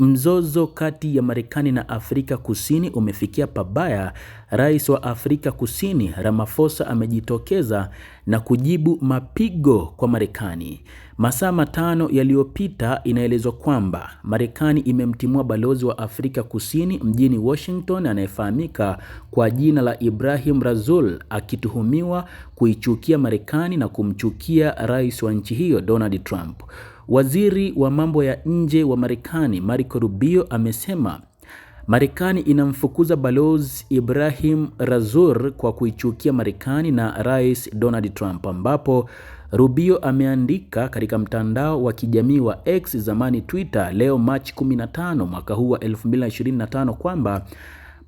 Mzozo kati ya Marekani na Afrika Kusini umefikia pabaya. Rais wa Afrika Kusini Ramaphosa amejitokeza na kujibu mapigo kwa Marekani. Masaa matano yaliyopita, inaelezwa kwamba Marekani imemtimua balozi wa Afrika Kusini mjini Washington anayefahamika kwa jina la Ibrahim razul akituhumiwa kuichukia Marekani na kumchukia rais wa nchi hiyo Donald Trump. Waziri wa mambo ya nje wa Marekani Marco Rubio amesema Marekani inamfukuza balozi Ibrahim razur kwa kuichukia Marekani na Rais Donald Trump, ambapo Rubio ameandika katika mtandao wa kijamii wa X zamani Twitter leo Machi 15 mwaka huu wa 2025 kwamba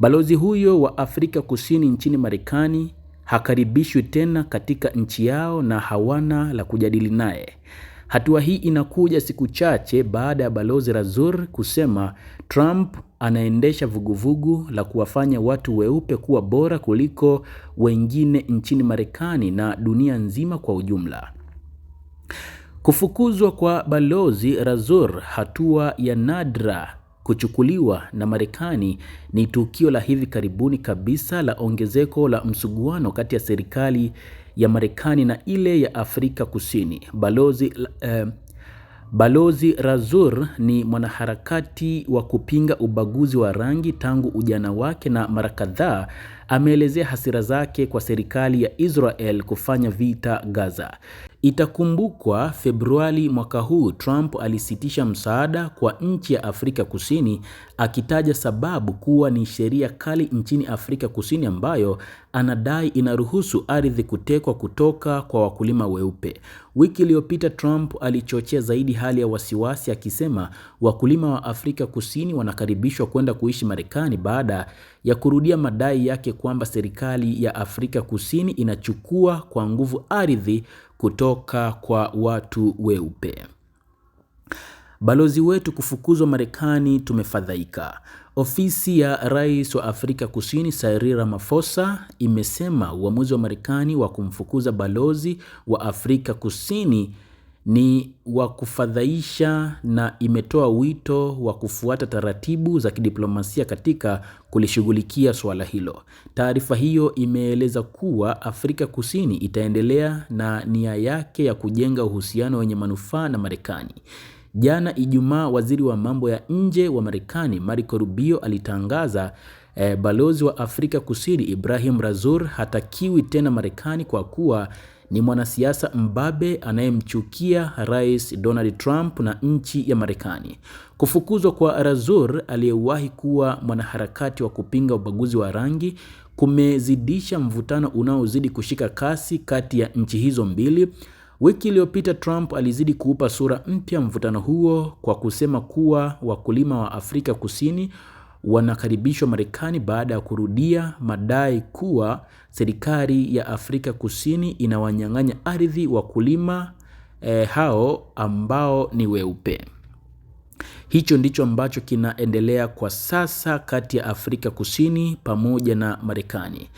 balozi huyo wa Afrika Kusini nchini Marekani hakaribishwi tena katika nchi yao na hawana la kujadili naye. Hatua hii inakuja siku chache baada ya Balozi razur kusema Trump anaendesha vuguvugu la kuwafanya watu weupe kuwa bora kuliko wengine nchini Marekani na dunia nzima kwa ujumla. Kufukuzwa kwa Balozi razur hatua ya nadra kuchukuliwa na Marekani ni tukio la hivi karibuni kabisa la ongezeko la msuguano kati ya serikali ya Marekani na ile ya Afrika Kusini. Balozi, eh, Balozi Razur ni mwanaharakati wa kupinga ubaguzi wa rangi tangu ujana wake na mara kadhaa ameelezea hasira zake kwa serikali ya Israel kufanya vita Gaza. Itakumbukwa Februari mwaka huu Trump alisitisha msaada kwa nchi ya Afrika Kusini akitaja sababu kuwa ni sheria kali nchini Afrika Kusini ambayo anadai inaruhusu ardhi kutekwa kutoka kwa wakulima weupe. Wiki iliyopita Trump alichochea zaidi hali ya wasiwasi akisema wakulima wa Afrika Kusini wanakaribishwa kwenda kuishi Marekani baada ya kurudia madai yake kwamba serikali ya Afrika Kusini inachukua kwa nguvu ardhi kutoka kwa watu weupe. Balozi wetu kufukuzwa Marekani, tumefadhaika. Ofisi ya rais wa Afrika Kusini Cyril Ramaphosa imesema uamuzi wa Marekani wa kumfukuza balozi wa Afrika Kusini ni wa kufadhaisha na imetoa wito wa kufuata taratibu za kidiplomasia katika kulishughulikia suala hilo. Taarifa hiyo imeeleza kuwa Afrika Kusini itaendelea na nia yake ya kujenga uhusiano wenye manufaa na Marekani. Jana Ijumaa, waziri wa mambo ya nje wa Marekani Marco Rubio alitangaza eh, balozi wa Afrika Kusini Ibrahim razur hatakiwi tena Marekani kwa kuwa ni mwanasiasa mbabe anayemchukia Rais Donald Trump na nchi ya Marekani. Kufukuzwa kwa razur aliyewahi kuwa mwanaharakati wa kupinga ubaguzi wa rangi kumezidisha mvutano unaozidi kushika kasi kati ya nchi hizo mbili. Wiki iliyopita Trump alizidi kuupa sura mpya mvutano huo kwa kusema kuwa wakulima wa Afrika Kusini wanakaribishwa Marekani baada ya kurudia madai kuwa serikali ya Afrika Kusini inawanyang'anya ardhi wakulima eh, hao ambao ni weupe. Hicho ndicho ambacho kinaendelea kwa sasa kati ya Afrika Kusini pamoja na Marekani.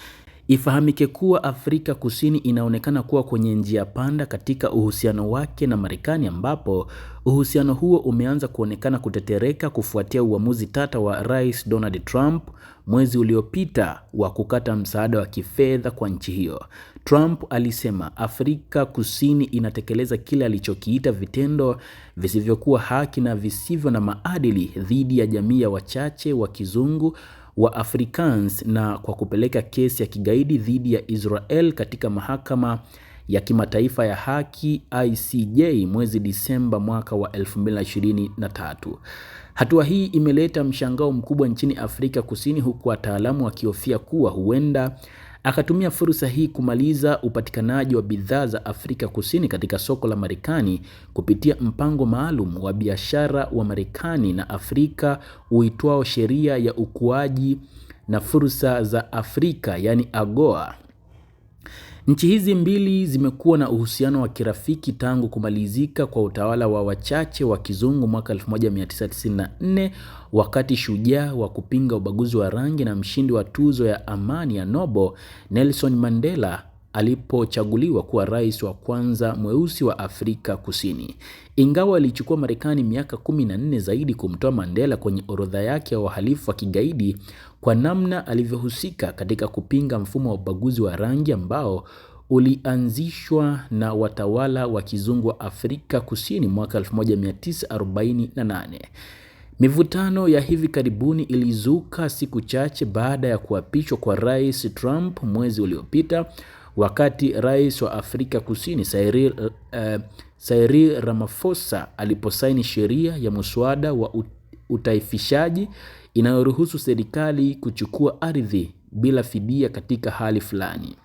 Ifahamike kuwa Afrika Kusini inaonekana kuwa kwenye njia panda katika uhusiano wake na Marekani ambapo uhusiano huo umeanza kuonekana kutetereka kufuatia uamuzi tata wa Rais Donald Trump mwezi uliopita wa kukata msaada wa kifedha kwa nchi hiyo. Trump alisema Afrika Kusini inatekeleza kile alichokiita vitendo visivyokuwa haki na visivyo na maadili dhidi ya jamii ya wachache wa kizungu Afrikaans na kwa kupeleka kesi ya kigaidi dhidi ya Israel katika mahakama ya kimataifa ya haki ICJ mwezi Disemba mwaka wa 2023. Hatua hii imeleta mshangao mkubwa nchini Afrika Kusini huku wataalamu wakihofia kuwa huenda akatumia fursa hii kumaliza upatikanaji wa bidhaa za Afrika Kusini katika soko la Marekani kupitia mpango maalum wa biashara wa Marekani na Afrika uitwao Sheria ya Ukuaji na Fursa za Afrika, yani AGOA. Nchi hizi mbili zimekuwa na uhusiano wa kirafiki tangu kumalizika kwa utawala wa wachache wa kizungu mwaka 1994 wakati shujaa wa kupinga ubaguzi wa rangi na mshindi wa tuzo ya amani ya Nobel Nelson Mandela alipochaguliwa kuwa rais wa kwanza mweusi wa Afrika Kusini. Ingawa ilichukua Marekani miaka 14 zaidi kumtoa Mandela kwenye orodha yake ya wahalifu wa kigaidi, kwa namna alivyohusika katika kupinga mfumo wa ubaguzi wa rangi ambao ulianzishwa na watawala wa kizungu wa Afrika Kusini mwaka 1948. Mivutano ya hivi karibuni ilizuka siku chache baada ya kuapishwa kwa Rais Trump mwezi uliopita, wakati Rais wa Afrika Kusini Cyril, uh, Cyril Ramaphosa aliposaini sheria ya muswada wa utaifishaji inayoruhusu serikali kuchukua ardhi bila fidia katika hali fulani.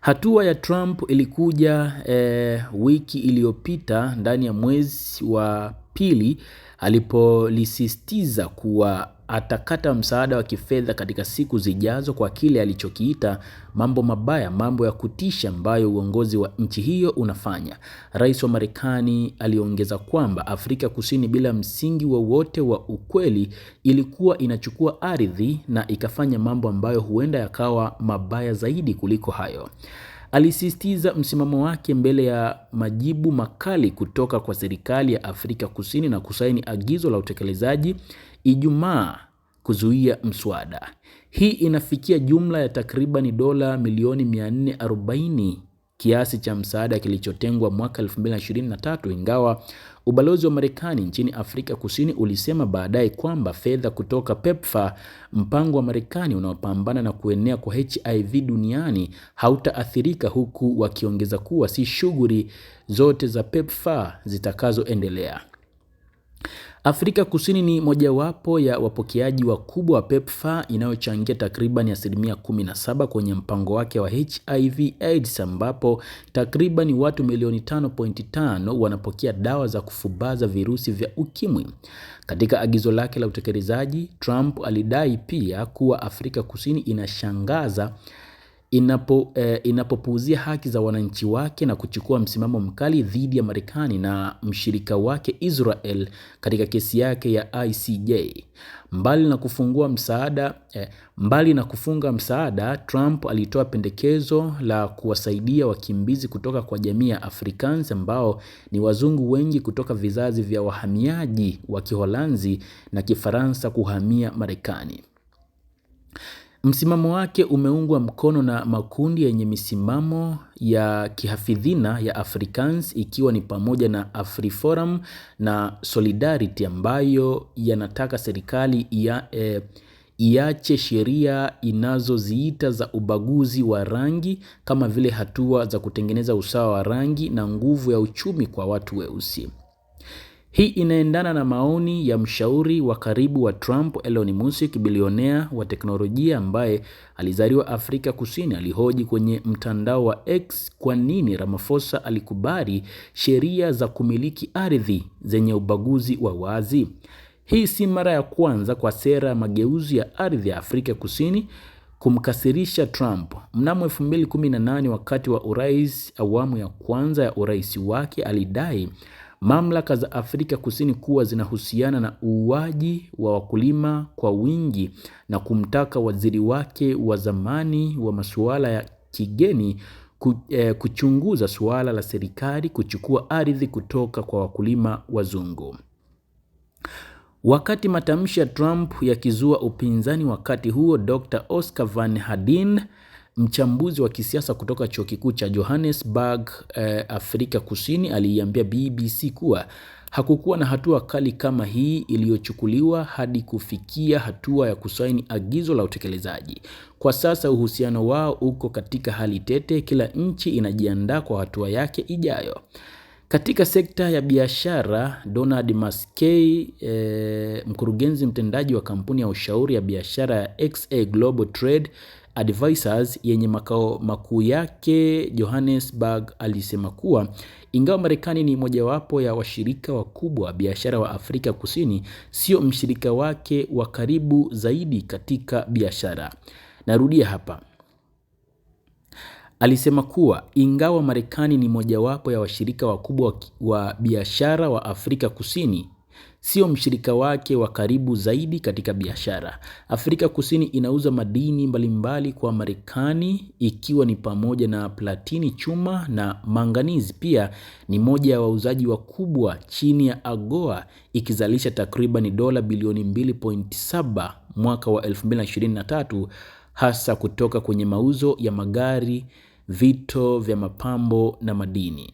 Hatua ya Trump ilikuja eh, wiki iliyopita ndani ya mwezi wa pili alipolisisitiza kuwa atakata msaada wa kifedha katika siku zijazo kwa kile alichokiita mambo mabaya, mambo ya kutisha ambayo uongozi wa nchi hiyo unafanya. Rais wa Marekani aliongeza kwamba Afrika Kusini bila msingi wowote wa, wa ukweli ilikuwa inachukua ardhi na ikafanya mambo ambayo huenda yakawa mabaya zaidi kuliko hayo. Alisisitiza msimamo wake mbele ya majibu makali kutoka kwa serikali ya Afrika Kusini na kusaini agizo la utekelezaji Ijumaa kuzuia mswada. Hii inafikia jumla ya takribani dola milioni 440 kiasi cha msaada kilichotengwa mwaka 2023 ingawa ubalozi wa Marekani nchini Afrika Kusini ulisema baadaye kwamba fedha kutoka PEPFAR, mpango wa Marekani unaopambana na kuenea kwa HIV duniani, hautaathirika, huku wakiongeza kuwa si shughuli zote za PEPFAR zitakazoendelea. Afrika Kusini ni mojawapo ya wapokeaji wakubwa wa PEPFAR inayochangia takriban asilimia 17 kwenye mpango wake wa HIV AIDS ambapo takriban watu milioni 5.5 wanapokea dawa za kufubaza virusi vya ukimwi. Katika agizo lake la utekelezaji, Trump alidai pia kuwa Afrika Kusini inashangaza inapo eh, inapopuuzia haki za wananchi wake na kuchukua msimamo mkali dhidi ya Marekani na mshirika wake Israel katika kesi yake ya ICJ. Mbali na kufungua msaada eh, mbali na kufunga msaada, Trump alitoa pendekezo la kuwasaidia wakimbizi kutoka kwa jamii ya Afrikaans ambao ni wazungu wengi kutoka vizazi vya wahamiaji wa Kiholanzi na Kifaransa kuhamia Marekani. Msimamo wake umeungwa mkono na makundi yenye misimamo ya kihafidhina ya Afrikaans ikiwa ni pamoja na AfriForum na Solidarity ambayo yanataka serikali ya e, iache sheria inazoziita za ubaguzi wa rangi kama vile hatua za kutengeneza usawa wa rangi na nguvu ya uchumi kwa watu weusi. Hii inaendana na maoni ya mshauri wa karibu wa Trump, Elon Musk, bilionea wa teknolojia ambaye alizaliwa Afrika Kusini, alihoji kwenye mtandao wa X kwa nini Ramaphosa alikubali sheria za kumiliki ardhi zenye ubaguzi wa wazi. Hii si mara ya kwanza kwa sera ya mageuzi ya ardhi ya Afrika Kusini kumkasirisha Trump. Mnamo 2018 wakati wa urais awamu ya kwanza ya urais wake alidai mamlaka za Afrika Kusini kuwa zinahusiana na uuaji wa wakulima kwa wingi na kumtaka waziri wake wa zamani wa masuala ya kigeni eh, kuchunguza suala la serikali kuchukua ardhi kutoka kwa wakulima wazungu. Wakati matamshi ya Trump yakizua upinzani wakati huo, Dr. Oscar Van Hadin mchambuzi wa kisiasa kutoka chuo kikuu cha Johannesburg, eh, Afrika Kusini aliiambia BBC kuwa hakukuwa na hatua kali kama hii iliyochukuliwa hadi kufikia hatua ya kusaini agizo la utekelezaji. Kwa sasa uhusiano wao uko katika hali tete, kila nchi inajiandaa kwa hatua yake ijayo. Katika sekta ya biashara, Donald Maskey eh, mkurugenzi mtendaji wa kampuni ya ushauri ya biashara ya XA Global Trade Advisors yenye makao makuu yake Johannesburg alisema kuwa ingawa Marekani ni mojawapo ya washirika wakubwa wa biashara wa Afrika Kusini, sio mshirika wake wa karibu zaidi katika biashara. Narudia hapa. Alisema kuwa ingawa Marekani ni mojawapo ya washirika wakubwa wa biashara wa Afrika Kusini, sio mshirika wake wa karibu zaidi katika biashara. Afrika Kusini inauza madini mbalimbali kwa Marekani ikiwa ni pamoja na platini, chuma na manganizi. Pia ni moja ya wa wauzaji wakubwa chini ya AGOA ikizalisha takriban dola bilioni 2.7 mwaka wa 2023 hasa kutoka kwenye mauzo ya magari, vito vya mapambo na madini.